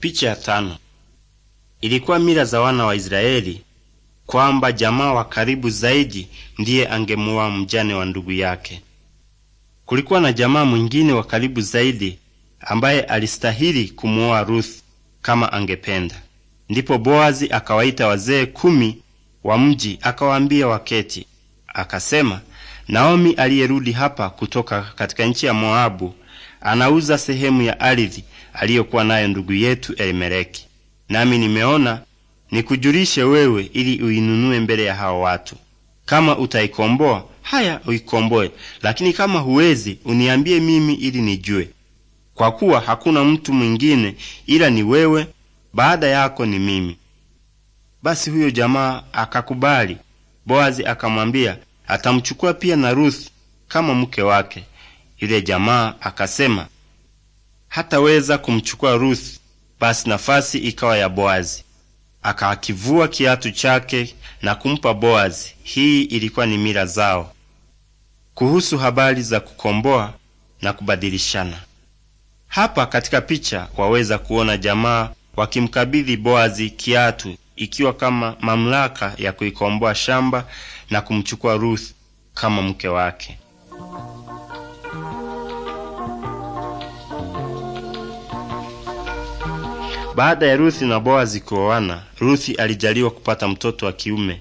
Picha ya tano ilikuwa mila za wana wa Israeli kwamba jamaa wa karibu zaidi ndiye angemuoa mjane wa ndugu yake. Kulikuwa na jamaa mwingine wa karibu zaidi ambaye alistahili kumuoa Ruth kama angependa. Ndipo Boazi akawaita wazee kumi wa mji akawaambia waketi, akasema, Naomi aliyerudi hapa kutoka katika nchi ya Moabu anauza sehemu ya ardhi aliyokuwa nayo ndugu yetu Elimeleki. Nami nimeona nikujulishe wewe, ili uinunue mbele ya hao watu. Kama utaikomboa, haya uikomboe, lakini kama huwezi, uniambie mimi, ili nijue, kwa kuwa hakuna mtu mwingine ila ni wewe, baada yako ni mimi. Basi huyo jamaa akakubali. Boazi akamwambia atamchukua pia na Ruthi kama mke wake. Yule jamaa akasema, hataweza kumchukua Ruth. Basi nafasi ikawa ya Boazi. Akakivua kiatu chake na kumpa Boazi. Hii ilikuwa ni mila zao kuhusu habari za kukomboa na kubadilishana. Hapa katika picha waweza kuona jamaa wakimkabidhi Boazi kiatu, ikiwa kama mamlaka ya kuikomboa shamba na kumchukua Ruth kama mke wake. Baada ya Ruthi na Boazi kuoana, Ruthi alijaliwa kupata mtoto wa kiume.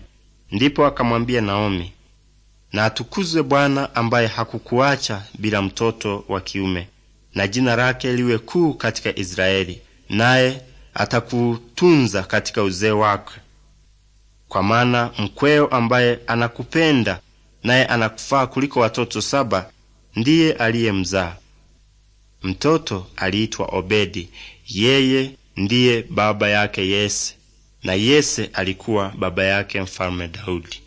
Ndipo akamwambia Naomi, na atukuzwe Bwana ambaye hakukuacha bila mtoto wa kiume, na jina lake liwe kuu katika Israeli, naye atakutunza katika uzee wake, kwa maana mkweo ambaye anakupenda naye anakufaa kuliko watoto saba ndiye aliyemzaa. Mtoto aliitwa Obedi, yeye ndiye baba yake Yese na Yese alikuwa baba yake Mfalme Daudi.